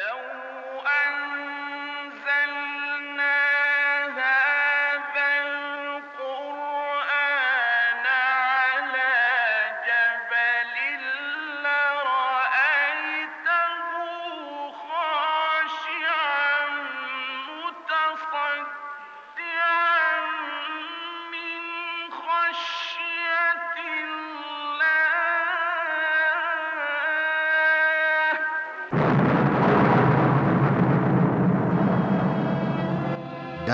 لو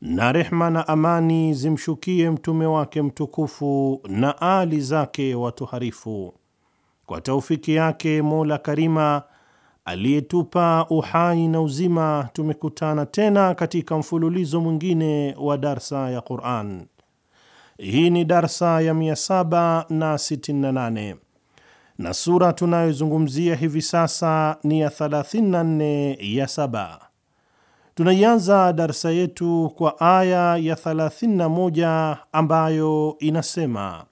na rehma na amani zimshukie mtume wake mtukufu na ali zake watoharifu. Kwa taufiki yake Mola Karima aliyetupa uhai na uzima, tumekutana tena katika mfululizo mwingine wa darsa ya Quran. Hii ni darsa ya 768 na sura tunayozungumzia hivi sasa ni ya 34 ya 7 tunaianza darsa yetu kwa aya ya 31 ambayo inasema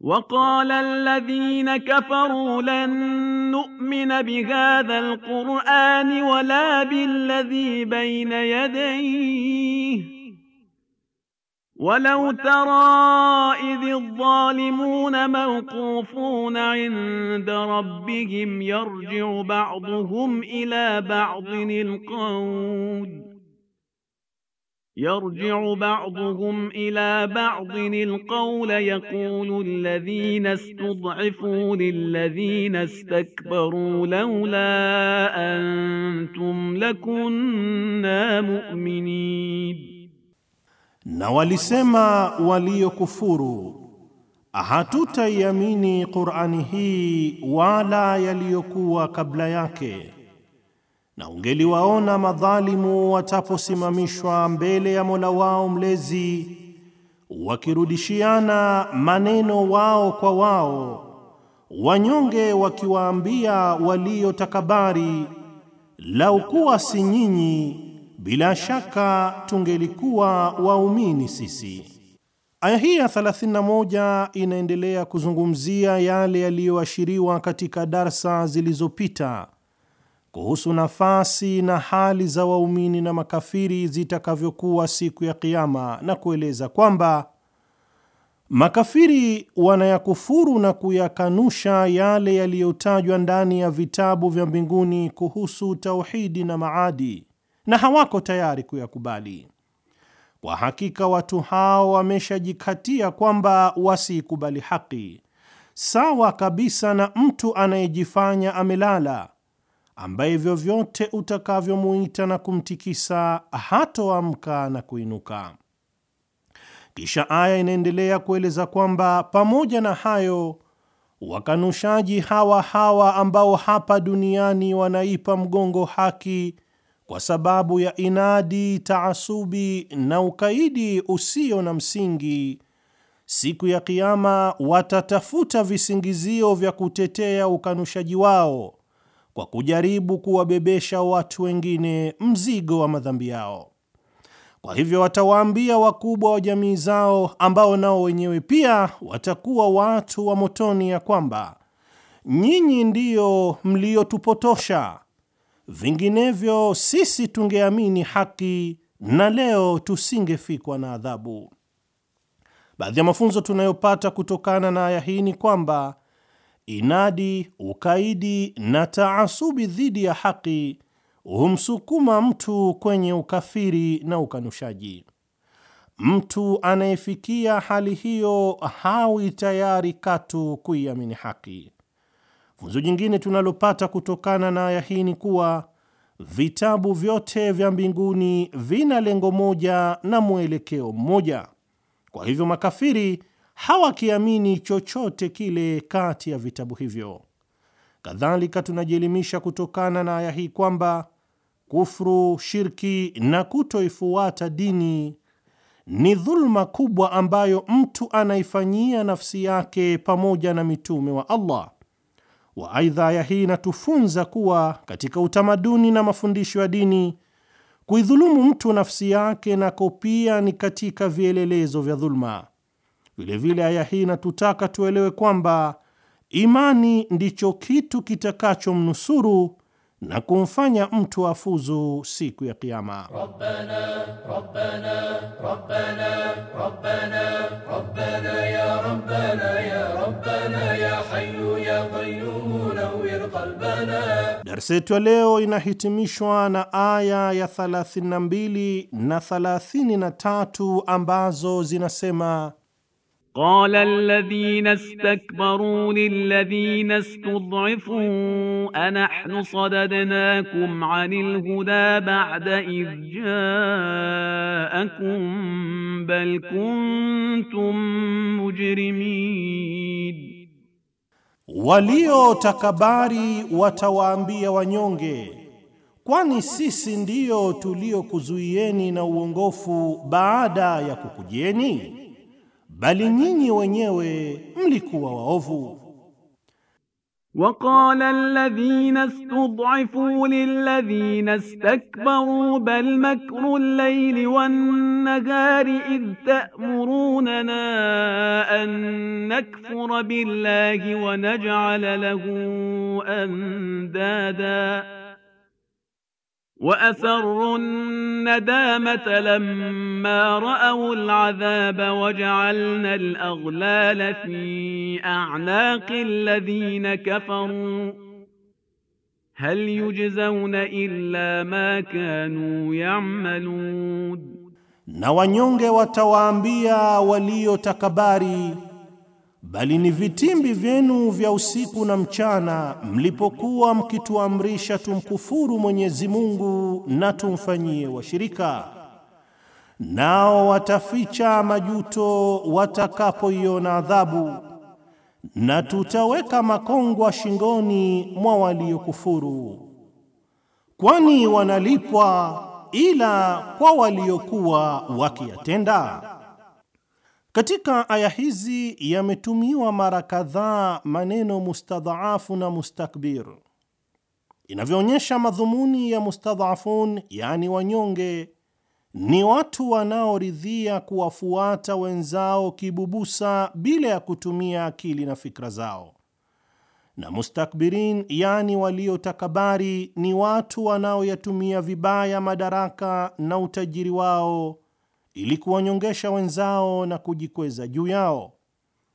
wqal alladhina kafaru lan nu'mina bhadha alqur'ani wla billadhi bin ydih ولو ترى إذ الظالمون موقوفون عند ربهم يرجع بعضهم إلى بعض القول يرجع بعضهم إلى بعض القول يقول الذين استضعفوا للذين استكبروا لولا أنتم لكنا مؤمنين Na walisema waliokufuru, hatutaiamini Qur'ani hii wala yaliyokuwa kabla yake, na ungeliwaona madhalimu wataposimamishwa mbele ya Mola wao mlezi wakirudishiana maneno wao kwa wao, wanyonge wakiwaambia waliotakabari, lau kuwa si nyinyi bila shaka tungelikuwa waumini sisi. Aya hii ya 31 inaendelea kuzungumzia yale yaliyoashiriwa katika darsa zilizopita kuhusu nafasi na hali za waumini na makafiri zitakavyokuwa siku ya Kiama, na kueleza kwamba makafiri wanayakufuru na kuyakanusha yale yaliyotajwa ndani ya vitabu vya mbinguni kuhusu tauhidi na maadi na hawako tayari kuyakubali. Kwa hakika watu hao wameshajikatia kwamba wasiikubali haki, sawa kabisa na mtu anayejifanya amelala, ambaye vyovyote utakavyomuita na kumtikisa hatoamka na kuinuka. Kisha aya inaendelea kueleza kwamba pamoja na hayo wakanushaji hawa hawa ambao hapa duniani wanaipa mgongo haki kwa sababu ya inadi, taasubi na ukaidi usio na msingi, siku ya Kiama watatafuta visingizio vya kutetea ukanushaji wao kwa kujaribu kuwabebesha watu wengine mzigo wa madhambi yao. Kwa hivyo watawaambia wakubwa wa jamii zao, ambao nao wenyewe pia watakuwa watu wa motoni, ya kwamba nyinyi ndiyo mliotupotosha vinginevyo sisi tungeamini haki na leo tusingefikwa na adhabu. Baadhi ya mafunzo tunayopata kutokana na aya hii ni kwamba inadi, ukaidi na taasubi dhidi ya haki humsukuma mtu kwenye ukafiri na ukanushaji. Mtu anayefikia hali hiyo hawi tayari katu kuiamini haki. Funzo jingine tunalopata kutokana na aya hii ni kuwa vitabu vyote vya mbinguni vina lengo moja na mwelekeo mmoja. Kwa hivyo makafiri hawakiamini chochote kile kati ya vitabu hivyo. Kadhalika, tunajielimisha kutokana na aya hii kwamba kufru shirki na kutoifuata dini ni dhulma kubwa ambayo mtu anaifanyia nafsi yake pamoja na mitume wa Allah wa aidha, ya hii inatufunza kuwa katika utamaduni na mafundisho ya dini kuidhulumu mtu nafsi yake nako pia ni katika vielelezo vya dhuluma. Vilevile aya hii inatutaka tuelewe kwamba imani ndicho kitu kitakachomnusuru na kumfanya mtu afuzu siku ya kiama Rabbana, Rabbana, Rabbana, Rabbana, Rabbana, Rabbana. ربنا يا ربنا يا حي Darsa yetu ya leo inahitimishwa na aya ya 32 na 33 ambazo zinasema الذين استكبروا للذين استضعفوا أنحن صددناكم عن الهدى بعد إذ جاءكم بل كنتم مجرمين وليو تكباري watawaambia wanyonge, kwani sisi ndiyo tuliokuzuieni na uongofu baada ya kukujeni bali nyinyi wenyewe mlikuwa waovu. وقال الذين استضعفوا للذين استكبروا بل مكر الليل والنهار إذ تأمروننا أن نكفر بالله ونجعل له أندادا وأسروا الندامة لما رأوا العذاب وجعلنا الأغلال في أعناق الذين كفروا هل يجزون إلا ما كانوا يعملون نوانيونغ وتوانبيا وليو تكباري bali ni vitimbi vyenu vya usiku na mchana mlipokuwa mkituamrisha tumkufuru Mwenyezi Mungu na tumfanyie washirika. Nao wataficha majuto watakapoiona adhabu, na tutaweka makongwa shingoni mwa waliokufuru, kwani wanalipwa ila kwa waliokuwa wakiyatenda. Katika aya hizi yametumiwa mara kadhaa maneno mustadhaafu na mustakbir, inavyoonyesha madhumuni ya mustadhaafun, yaani wanyonge, ni watu wanaoridhia kuwafuata wenzao kibubusa bila ya kutumia akili na fikra zao, na mustakbirin, yaani waliotakabari, ni watu wanaoyatumia vibaya madaraka na utajiri wao ili kuwanyongesha wenzao na kujikweza juu yao.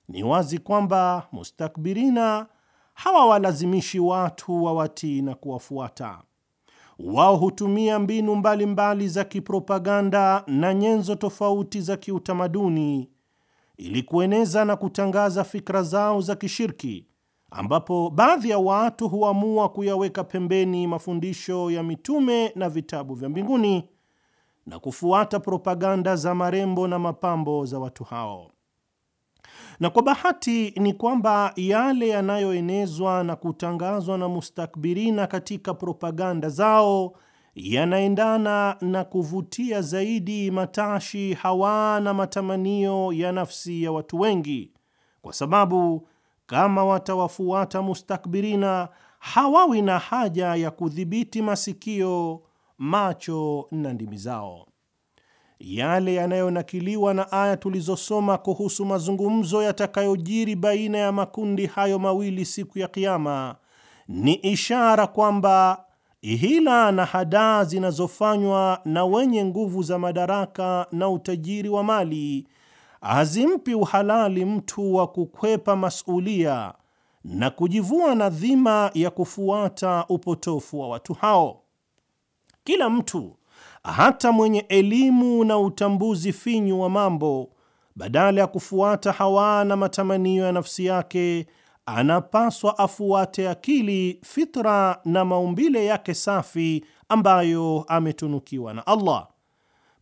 Ni wazi kwamba mustakbirina hawawalazimishi watu wawatii na kuwafuata. Wao hutumia mbinu mbalimbali mbali za kipropaganda na nyenzo tofauti za kiutamaduni ili kueneza na kutangaza fikra zao za kishirki, ambapo baadhi ya watu huamua kuyaweka pembeni mafundisho ya mitume na vitabu vya mbinguni na kufuata propaganda za marembo na mapambo za watu hao. Na kwa bahati ni kwamba yale yanayoenezwa na kutangazwa na mustakbirina katika propaganda zao yanaendana na kuvutia zaidi matashi, hawa na matamanio ya nafsi ya watu wengi, kwa sababu kama watawafuata mustakbirina hawawi na haja ya kudhibiti masikio macho na ndimi zao. Yale yanayonakiliwa na aya tulizosoma kuhusu mazungumzo yatakayojiri baina ya makundi hayo mawili siku ya Kiama ni ishara kwamba hila na hadaa zinazofanywa na wenye nguvu za madaraka na utajiri wa mali hazimpi uhalali mtu wa kukwepa masulia na kujivua na dhima ya kufuata upotofu wa watu hao. Kila mtu hata mwenye elimu na utambuzi finyu wa mambo, badala ya kufuata hawa na matamanio ya nafsi yake, anapaswa afuate akili, fitra na maumbile yake safi ambayo ametunukiwa na Allah.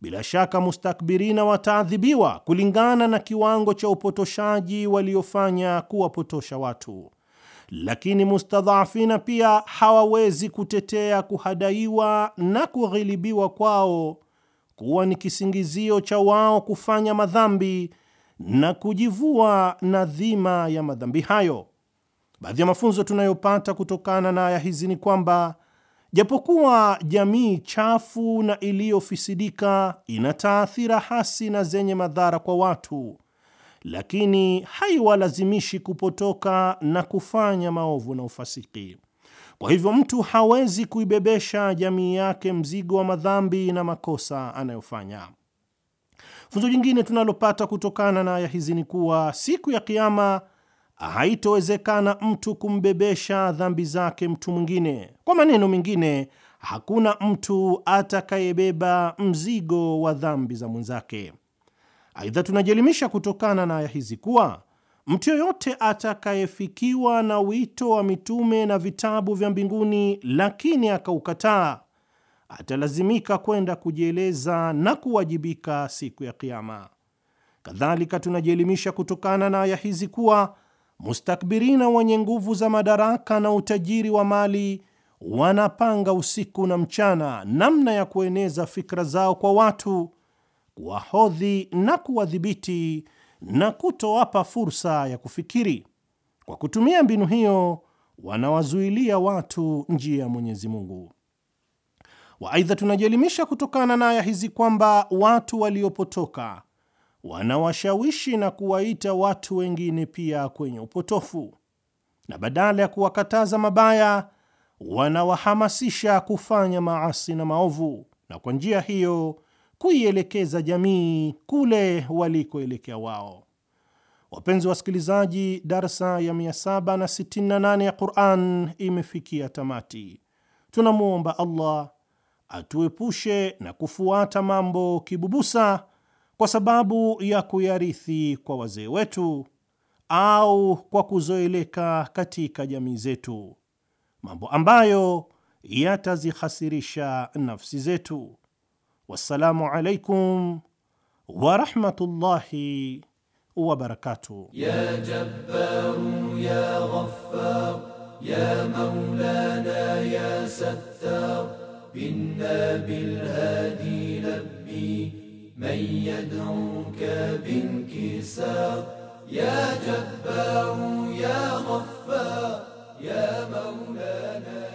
Bila shaka mustakbirina wataadhibiwa kulingana na kiwango cha upotoshaji waliofanya kuwapotosha watu lakini mustadhafina pia hawawezi kutetea kuhadaiwa na kughilibiwa kwao kuwa ni kisingizio cha wao kufanya madhambi na kujivua na dhima ya madhambi hayo. Baadhi ya mafunzo tunayopata kutokana na aya hizi ni kwamba japokuwa jamii chafu na iliyofisidika ina taathira hasi na zenye madhara kwa watu lakini haiwalazimishi kupotoka na kufanya maovu na ufasiki. Kwa hivyo mtu hawezi kuibebesha jamii yake mzigo wa madhambi na makosa anayofanya. Funzo jingine tunalopata kutokana na aya hizi ni kuwa siku ya Kiama haitowezekana mtu kumbebesha dhambi zake mtu mwingine. Kwa maneno mengine, hakuna mtu atakayebeba mzigo wa dhambi za mwenzake. Aidha, tunajielimisha kutokana na aya hizi kuwa mtu yoyote atakayefikiwa na wito wa mitume na vitabu vya mbinguni, lakini akaukataa, atalazimika kwenda kujieleza na kuwajibika siku ya Kiama. Kadhalika, tunajielimisha kutokana na aya hizi kuwa mustakbirina wenye nguvu za madaraka na utajiri wa mali wanapanga usiku na mchana namna ya kueneza fikra zao kwa watu kuwahodhi na kuwadhibiti na kutowapa fursa ya kufikiri. Kwa kutumia mbinu hiyo, wanawazuilia watu njia ya Mwenyezi Mungu. Waaidha, tunajielimisha kutokana na aya hizi kwamba watu waliopotoka wanawashawishi na kuwaita watu wengine pia kwenye upotofu, na badala ya kuwakataza mabaya wanawahamasisha kufanya maasi na maovu, na kwa njia hiyo kuielekeza jamii kule walikoelekea wao. Wapenzi wasikilizaji, darsa ya 768 ya Quran imefikia tamati. Tunamwomba Allah atuepushe na kufuata mambo kibubusa kwa sababu ya kuyarithi kwa wazee wetu au kwa kuzoeleka katika jamii zetu, mambo ambayo yatazihasirisha nafsi zetu. والسلام عليكم ورحمة الله وبركاته يا جبار يا غفار يا مولانا يا ستار بنا بالهادي لبي من يدعوك بانكسار يا جبار يا غفار يا مولانا